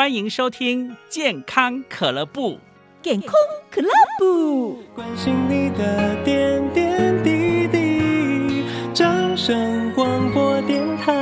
歡迎收聽健康俱樂部，健康俱樂部，關心你的點點滴滴，掌聲廣播電台。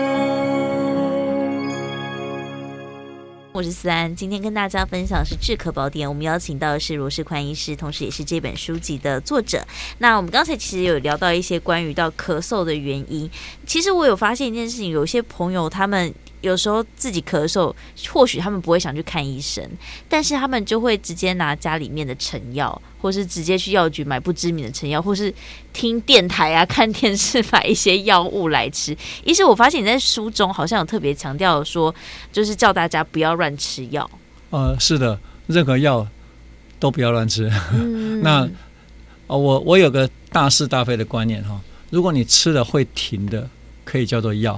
我是思安，今天跟大家分享的是《治咳寶典》，我們邀請到的是羅仕寬醫師，同時也是這本書籍的作者。那我們剛才其實有聊到一些關於到咳嗽的原因，其實我有發現一件事情，有些朋友他們。有時候自己咳嗽，或許他們不會想去看醫生，但是他們就會直接拿家裡面的成藥，或是直接去藥局買不知名的成藥，或是聽電台啊、看電視買一些藥物來吃。醫生，我發現你在書中好像有特別強調說，就是叫大家不要亂吃藥。呃，是的，任何藥都不要亂吃。 嗯。那我我有個大是大非的觀念哈，如果你吃了會停的，可以叫做藥；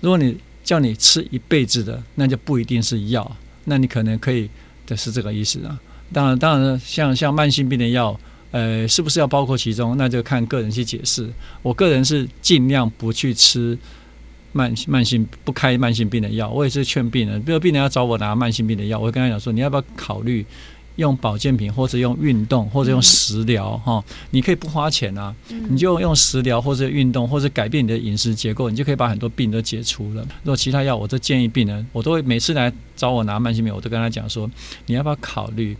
如果你叫你吃一輩子的，那就不一定是藥，那你可能可以的是這個意思啊。當然，當然像，像像慢性病的藥，呃，是不是要包括其中？那就看個人去解釋。我個人是盡量不去吃慢慢性不開慢性病的藥。我也是勸病人，比如病人要找我拿慢性病的藥，我會跟他講說，你要不要考慮。用保健品或者用運動或者用食療哈，你可以不花錢啊，你就用食療或者運動或者改變你的飲食結構，你就可以把很多病都解除了。如果其他藥，我都建議病人，我都會每次來找我拿慢性病，我都跟他講說，你要不要考慮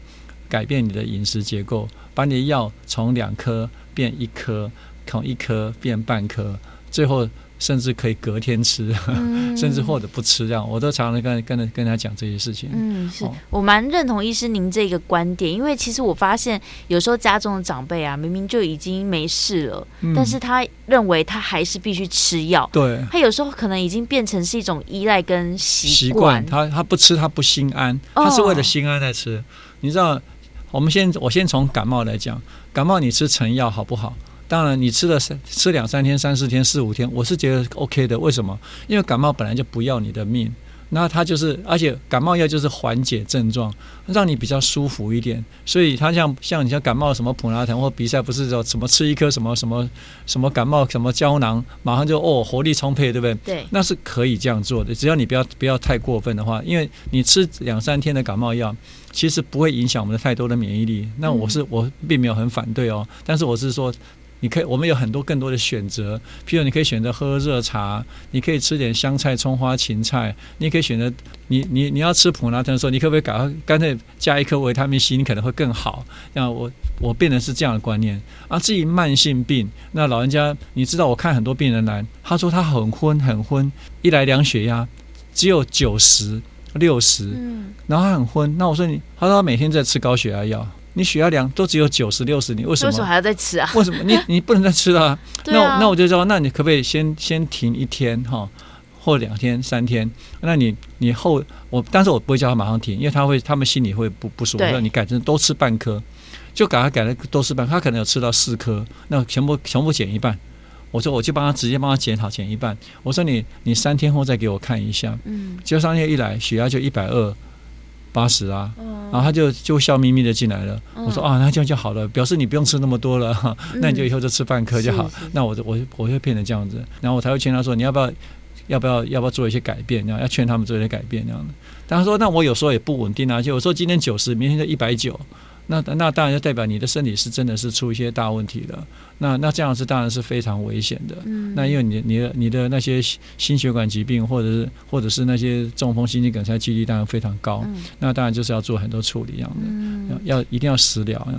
改變你的飲食結構，把你的藥從兩顆變一顆，從一顆變半顆，最後。甚至可以隔天吃，嗯、呵呵甚至或者不吃這樣，我都常常跟、跟、跟他講這些事情。嗯，是、哦、我蠻認同醫師您這個觀點，因為其實我發現有時候家中的長輩啊，明明就已經沒事了，嗯、但是他認為他還是必須吃藥。對，他有時候可能已經變成是一種依賴跟習慣。習慣、他他不吃他不心安，他是為了心安在吃。哦、你知道，我們先我先從感冒來講，感冒你吃成藥好不好？當然，你吃了三吃兩三天，三四天，四五天，我是覺得 OK 的。為什麼？因為感冒本來就不要你的命，那它就是，而且感冒藥就是緩解症狀，讓你比較舒服一點。所以它像像你像感冒什麼普拿疼或鼻塞，不是說什麼吃一顆什麼什麼什麼感冒什麼膠囊，馬上就哦活力充沛，對不對？對，那是可以這樣做的，只要你不要不要太過分的話，因為你吃兩三天的感冒藥，其實不會影響我們的太多的免疫力。那我是我並沒有很反對哦，嗯、但是我是說。你可以，我們有很多更多的選擇。譬如，你可以選擇喝熱茶，你可以吃點香菜、蔥花、芹菜。你也可以選擇，你你你要吃普拉特的時候，你可不可以趕快乾脆加一顆維他命 C，你可能會更好。那我我變成是這樣的觀念。啊，至於慢性病，那老人家，你知道，我看很多病人來，他說他很昏，很昏。一來量血壓，只有九十六十，嗯，然後他很昏。那我說你，他說他每天在吃高血壓藥。你血壓量都只有九十六十，60, 你為什麼？為什麼還要再吃啊？為什麼？你你不能再吃了、啊 啊？那那我就說，那你可不可以先先停一天哈，或兩天三天？那你你後我，但是我不會叫他馬上停，因為他會他們心裡會不不舒服。那你改成多吃半顆，就給他改了多吃半，他可能有吃到四顆，那全部全部減一半。我說我就幫他直接幫他減好減一半。我說你你三天後再給我看一下。嗯，就三天一來血壓就一百二。八十啊、嗯，然後他就就笑眯眯的進來了、嗯。我說啊，那這樣就好了，表示你不用吃那麼多了，嗯、那你就以後就吃半顆就好。是是是，那我就我我會變成這樣子，然後我才會勸他說，你要不要要不要要不要做一些改變？要要勸他們做一些改變那樣的。但他說，那我有時候也不穩定啊，就有時候今天九十，明天就一百九。那那當然就代表你的身體是真的是出一些大問題了。那那這樣子當然是非常危險的。嗯。那因為你你的你的那些心血管疾病，或者是或者是那些中風、心肌梗塞幾率當然非常高。嗯。那當然就是要做很多處理這樣的。嗯，要要一定要食療這樣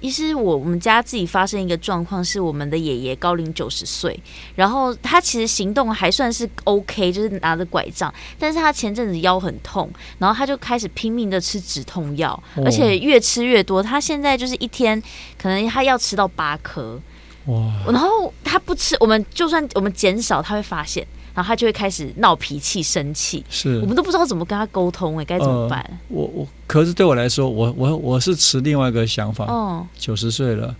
其實我們家自己發生一個狀況，是我們的爺爺高齡九十歲，然後他其實行動還算是 OK，就是拿着拐杖，但是他前陣子腰很痛，然後他就開始拼命的吃止痛藥。哦，而且越吃越多，他現在就是一天可能他要吃到八顆。哇，哦！然後他不吃，我們就算我們減少，他會發現。然後他就會開始鬧脾氣、生氣，是我們都不知道怎麼跟他溝通哎、欸，該怎麼辦？呃、我我，可是對我來說，我我我是持另外一個想法。嗯、哦，九十歲了，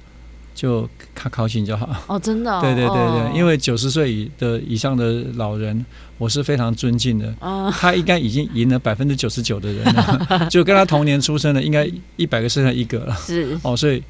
就他高興就好。哦，真的、哦？對對對對，哦、因為九十歲的以上的老人，我是非常尊敬的。哦，他應該已經贏了百分之九十九的人了， 就跟他同年出生的，應該一百個剩下一個了。是哦，所以。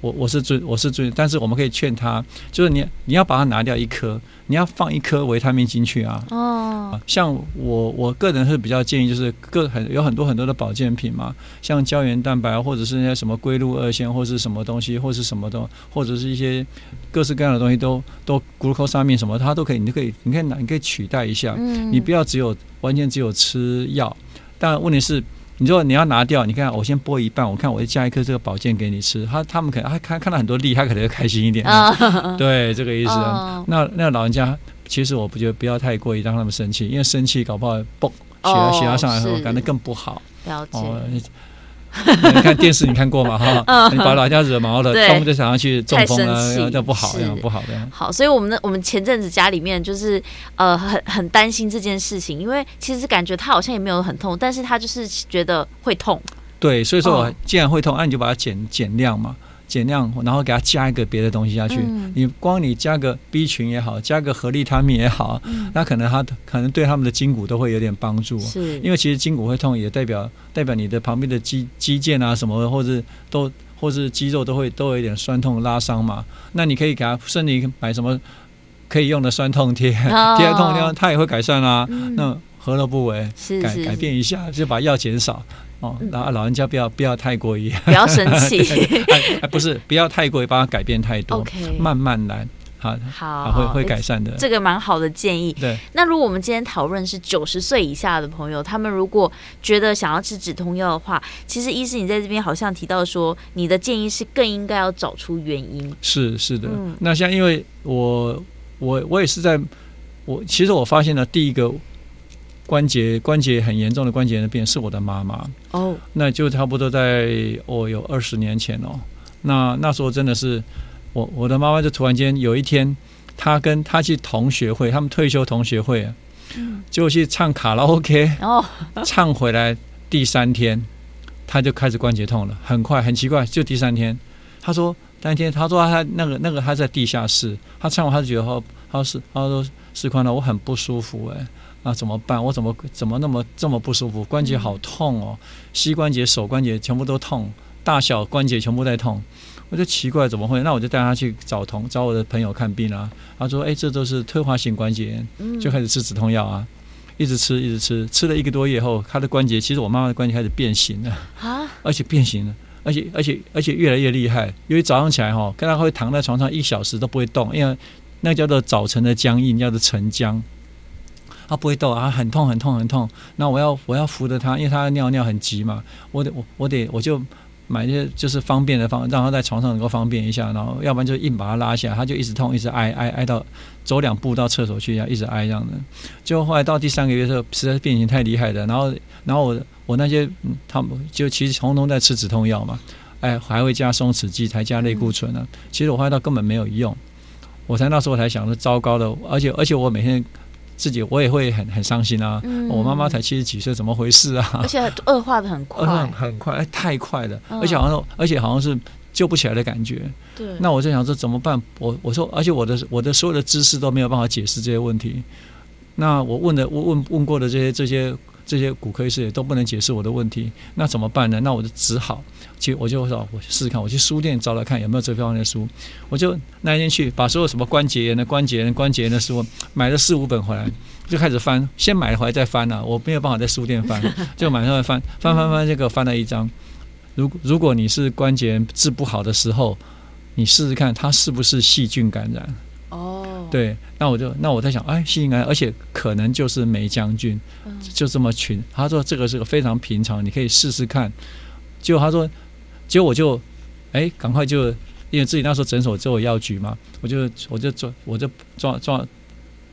我我是最，我是最，但是我們可以勸他，就是你你要把它拿掉一顆，你要放一顆維他命進去啊。哦。像我我個人是比較建議，就是各很有很多很多的保健品嘛，像膠原蛋白，或者是那些什麼龜鹿二仙，或者是什麼東西，或者是什麼東，或者是一些各式各樣的東西都，都都 glucosamine 什麼，它都可以，你都可以，你可以拿，你可以取代一下。嗯。你不要只有完全只有吃藥，但問題是。你說你要拿掉，你看我先剝一半，我看我再加一顆這個保健給你吃。他他們可能還看看到很多粒，他可能就開心一點。啊、對這個意思、啊啊。那那老人家其實我不覺得不要太過於讓他們生氣，因為生氣搞不好嘣血壓血壓上來的時候，哦，感覺更不好。了解。你 看電視，你看過嗎？哈、 嗯啊，你把老家惹毛了，動物就想要去中風了、啊，要要不要這樣不好，這樣不好的。好，所以我們呢，我們前陣子家裡面就是呃很很擔心這件事情，因為其實感覺他好像也沒有很痛，但是他就是覺得會痛。對，所以說我既然會痛，那、嗯啊、你就把它減減量嘛。減量，然後給它加一個別的東西下去、嗯。你光你加個 B 群也好，加個合力他命也好，嗯，那可能他可能對他們的筋骨都會有點幫助。是，因為其實筋骨會痛，也代表代表你的旁邊的肌肌腱啊什麼，或是都或是肌肉都會都有一點酸痛拉傷嘛。那你可以給他甚至於買什麼可以用的酸痛貼，哦，痛的貼在痛貼，它也會改善啦，啊嗯。那何樂不為？是是是改改變一下，就把藥減少。哦，然後老人家不要不要太過於不要生氣，嗯 嗯、 不是不要太過於把他改變太多，okay, 慢慢來，啊、好，好、啊、會會改善的。欸、這個蠻好的建議。對，那如果我們今天討論是九十歲以下的朋友，他們如果覺得想要吃止痛藥的話，其實醫師你在這邊好像提到說，你的建議是更應該要找出原因。是是的、嗯，那像因為我我我也是在，我其實我發現了第一個。關節關節很嚴重的關節那邊是我的媽媽哦，oh. 那就差不多在我、哦、有二十年前哦，那那時候真的是我我的媽媽就突然間有一天，她跟她去同學會，他們退休同學會，嗯、就去唱卡拉 OK 哦、oh.，唱回來第三天，她就開始關節痛了，很快很奇怪，就第三天，她說當天她說她那個那個她在地下室，她唱完她就覺得她說是她說是仕寬，我很不舒服哎、欸。啊，怎麼辦？我怎麼怎麼那麼這麼不舒服？關節好痛哦、嗯，膝關節、手關節全部都痛，大小關節全部都在痛。我就奇怪，怎麼會？那我就帶他去找同找我的朋友看病啊。他說：“誒，這都是退化性關節炎。”就開始吃止痛藥啊、嗯，一直吃，一直吃。吃了一個多月後，他的關節其實我媽媽的關節開始變形了啊，而且變形了，而且而且而且越來越厲害。因為早上起來哈、哦，經常會躺在床上一小時都不會動，因為那叫做早晨的僵硬，叫做晨僵。他不會動啊，很痛很痛很痛。那我要我要扶着他，因為他尿尿很急嘛。我得我我得我就買一些就是方便的方便，讓他在床上能夠方便一下。然後要不然就硬把他拉下，他就一直痛，一直挨挨挨到走兩步到廁所去一下，一直挨這樣的。最後後來到第三個月的時候，實在是變形太厲害了。然後然後我我那些、嗯、他們就其實通通在吃止痛藥嘛，哎還會加鬆弛劑，還加類固醇呢、啊。其實我發現到根本沒有用。我才那時候才想着糟糕的，而且而且我每天。自己我也會很很傷心啊、嗯哦！我媽媽才七十幾歲，怎麼回事啊？而且惡化得很快，很，很快、欸，太快了！而且好像、哦，而且好像是救不起來的感覺。對，那我就想說怎麼辦？我我說，而且我的我的所有的知識都沒有辦法解釋這些問題。那我問的，我問問過的這些這些。這些骨科醫師也都不能解釋我的問題，那怎麼辦呢？那我就只好，去我就說，我去試試看，我去書店找找看有沒有這方面的書。我就那一天去，把所有什麼關節炎的、關節炎的、關節炎的書買了四五本回來，就開始翻。先買回來再翻吶、啊，我沒有辦法在書店翻，就馬上在翻，翻翻翻，這個翻了一張。如果如果你是關節炎治不好的時候，你試試看它是不是細菌感染。對，那我就那我在想，哎，是應該，而且可能就是黴漿菌，嗯，就這麼群。他說這個是個非常平常，你可以試試看。結果他說，結果我就，哎、欸，趕快就，因為自己那時候診所只有藥局嘛，我就我就，我就抓我就抓抓，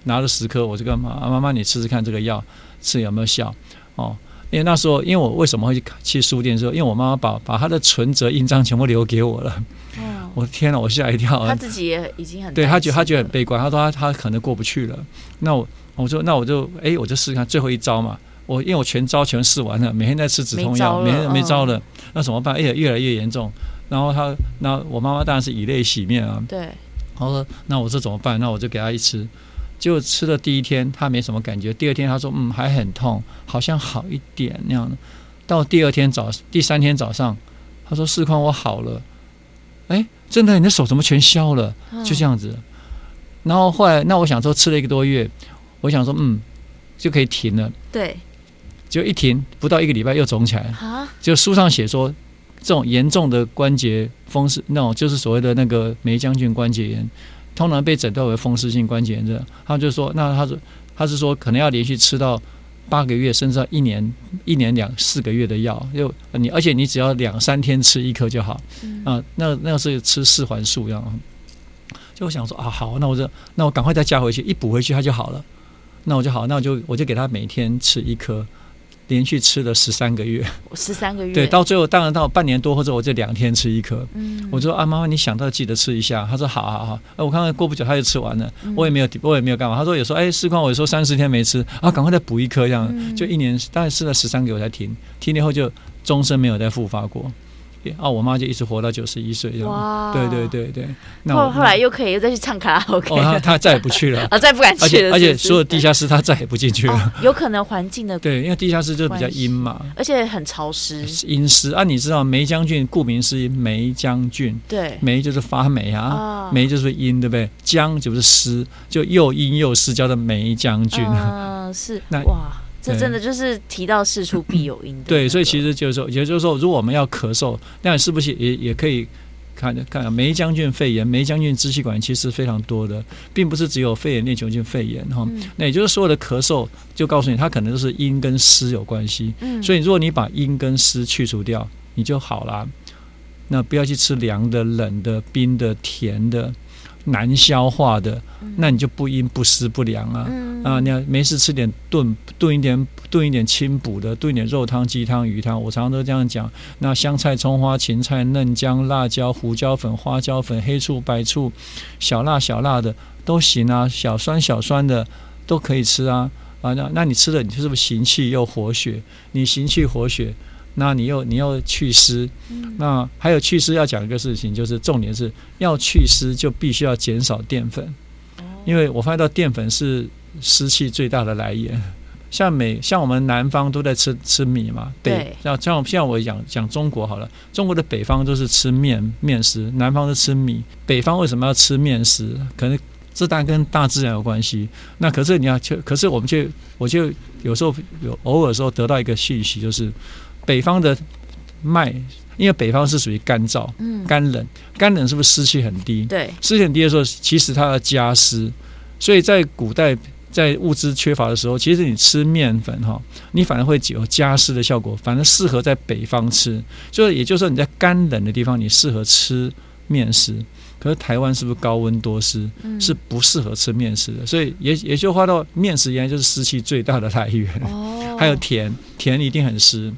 拿了十顆，我就跟媽媽媽你試試看這個藥，吃有沒有效？哦，因為那時候，因為我為什麼會去去書店的時候，因為我媽媽把把她的存折印章全部留給我了。嗯我的天哪、啊！我嚇一跳、啊。他自己也已經很對他覺得他覺得很悲觀，他說他，他可能過不去了。那我我說那我就誒、欸，我就試試看最後一招嘛。我因為我全招全試完了，每天在吃止痛藥，沒沒招了，沒招了、嗯。那怎麼辦？誒、欸，越來越嚴重。然後他那我媽媽當然是以淚洗面啊。對。然後說那我這怎麼辦？那我就給他一吃。結果吃了第一天他沒什麼感覺，第二天他說嗯還很痛，好像好一點那樣的。到第二天早第三天早上他說仕寬我好了。誒、欸。真的，你的手怎麼全消了？就這樣子。哦、然後後來，那我想說吃了一個多月，我想說嗯，就可以停了。對。就一停，不到一個禮拜又腫起來、啊。就書上寫說，這種嚴重的關節風濕，那種就是所謂的那個黴漿菌關節炎，通常被診斷為風濕性關節炎。這樣，他就說，那他說他是說可能要連續吃到。八個月，甚至要一年，一年兩四個月的藥，就你，而且你只要兩三天吃一顆就好，嗯、啊，那那是吃四環素這樣，就我想說啊，好，那我就，那我趕快再加回去，一補回去它就好了，那我就好，那我就我就給他每天吃一顆。連續吃了十三個月，十三個月，對，到最後當然到半年多，或者我這兩天吃一顆，嗯，我就說啊，媽媽，你想到記得吃一下，他說好好好、啊、我看看過不久他就吃完了，我也沒有，我也沒有幹嘛，他說有時候哎，四罐，我說三四天沒吃，啊，趕快再補一顆這樣、嗯，就一年大概吃了十三個月我才停，停了以後就終身沒有再復發過。哦、啊，我媽就一直活到九十一歲，對對對對。後後來又可以又再去唱卡拉 OK，她再也不去了，啊，再也不敢去了，而且，是不是？而且所有地下室她再也不進去了，啊、有可能環境的對，因為地下室就比較陰嘛，而且很潮濕，陰濕啊。你知道黴漿菌，顧名思義，黴漿菌，對，黴就是發霉啊，啊，黴就是陰，對不對？漿就是濕，就又陰又濕，叫做黴漿菌，嗯，是那哇。是真的，就是提到事出必有因的、那個。對，所以其實就是說，也就是說，如果我們要咳嗽，那你是不是也也可以看看、啊、黴漿菌肺炎、黴漿菌支氣管炎，其實是非常多的，並不是只有肺炎鏈球菌肺炎哈、嗯。那也就是所有的咳嗽，就告訴你，它可能都是陰跟濕有關係。所以如果你把陰跟濕去除掉，你就好啦。那不要去吃涼的、冷的、冰的、甜的。難消化的，那你就不陰不濕不良啊、嗯、啊！你要沒事吃點燉燉一點燉一點清補的，燉一點肉湯、雞湯、魚湯。我常常都這樣講。那香菜、蔥花、芹菜、嫩薑辣、辣椒、胡椒粉、花椒粉、黑醋、白醋，小辣小辣的都行啊，小酸小酸的都可以吃啊啊！那那你吃了，你是不是行氣又活血？你行氣活血。嗯那你又你又祛濕，那還有祛濕要講一個事情，就是重點是要祛濕，就必須要減少澱粉。因為我發現到澱粉是濕氣最大的來源。像每像我們南方都在吃吃米嘛，對。像像像我講講中國好了，中國的北方都是吃麵麵食，南方都吃米。北方為什麼要吃麵食？可能這當然跟大自然有關係。那可是你要可是我們就我就有時候有偶爾的時候得到一個信息就是。北方的麥，因為北方是屬於乾燥、嗯、乾冷、乾冷，是不是濕氣很低？對，濕氣很低的時候，其實它要加濕，所以在古代在物資缺乏的時候，其實你吃麵粉哈，你反而會有加濕的效果，反而適合在北方吃，就是也就是說你在乾冷的地方，你適合吃麵食。可是台灣是不是高溫多濕，嗯、是不適合吃麵食的，所以也也就話到麵食，原來就是濕氣最大的來源。哦，還有甜，甜一定很濕。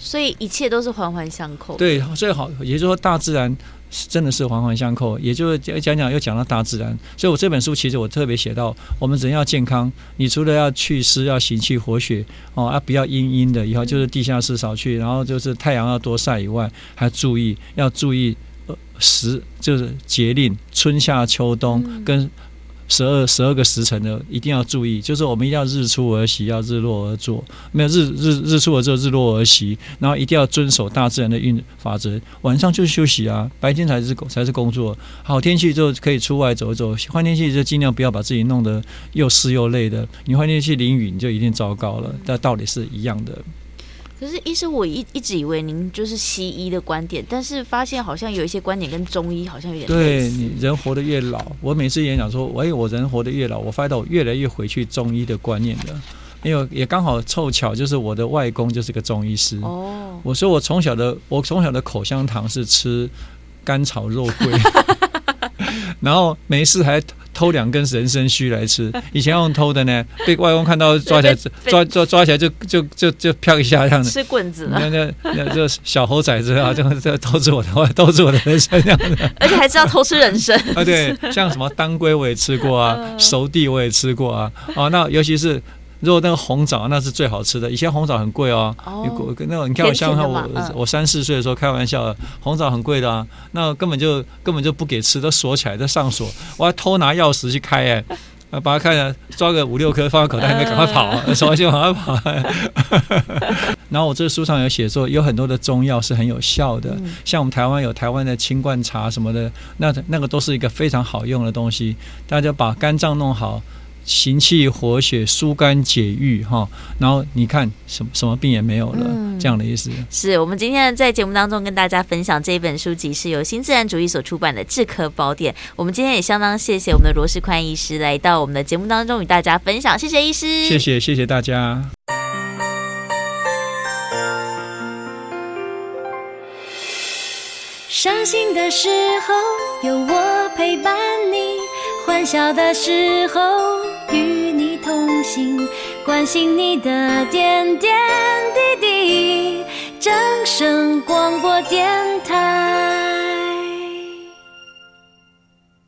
所以一切都是環環相扣。對，最好也就是說，大自然是真的是環環相扣。也就是講講又講到大自然，所以我這本書其實我特別寫到，我們人要健康，你除了要祛濕、要行氣、去活血哦，要不要陰陰的以後就是地下室少去，嗯、然後就是太陽要多曬以外，還注意要注意、呃、時就是節令，春夏秋冬、嗯、跟。十二十二個時辰呢，一定要注意，就是我們一定要日出而息，要日落而作，沒有日日日出而作，日落而息，然後一定要遵守大自然的運法則。晚上就是休息啊，白天才是才是工作。好天氣就可以出外走走，壞天氣就盡量不要把自己弄得又濕又累的。你壞天氣淋雨，你就一定糟糕了。但道理是一樣的。可是醫生，我一一直以為您就是西醫的觀點，但是發現好像有一些觀點跟中醫好像有點。對，你人活得越老，我每次也講說，哎、欸，我人活得越老，我發現我越來越回去中醫的觀念的，因為也剛好湊巧，就是我的外公就是個中醫師。哦、oh.，我說我從小的，我從小的口香糖是吃甘草肉桂， 然後沒事還。偷兩根人參鬚來吃，以前用偷的呢，被外公看到抓起來，被被抓抓抓起來就就就就啪一下，這樣子。吃棍子呢？那那那這小猴崽子啊，這就在偷吃我的，偷吃我的人參這樣的。而且還知道偷吃人參啊？對，像什麼當歸我也吃過啊，熟地我也吃過啊。啊那尤其是。如果那個紅棗，那是最好吃的。以前紅棗很貴哦，你過那個，你看我像我我，我三四歲的時候，開玩笑的，紅棗很貴的啊，那根本就根本就不給吃，都鎖起來，都上鎖，我還偷拿鑰匙去開哎、 啊，把它看一抓個五六顆放在口袋裡面，趕快跑，呃、手就往外跑，啊。 然後我這書上有寫說有很多的中藥是很有效的，嗯、像我們台灣有台灣的清冠茶什麼的，那那個都是一個非常好用的東西，大家把肝臟弄好，行氣活血、疏肝解鬱，哈，然後你看什麼什麼病也沒有了，嗯、這樣的意思。是我們今天在節目當中跟大家分享這本書籍，是由新自然主義所出版的《治咳寶典》。我們今天也相當謝謝我們的羅仕寬醫師來到我們的節目當中與大家分享，謝謝醫師，謝謝謝謝大家。傷心的時候有我陪伴你，歡笑的時候。關心你的點點滴滴，正聲廣播電台。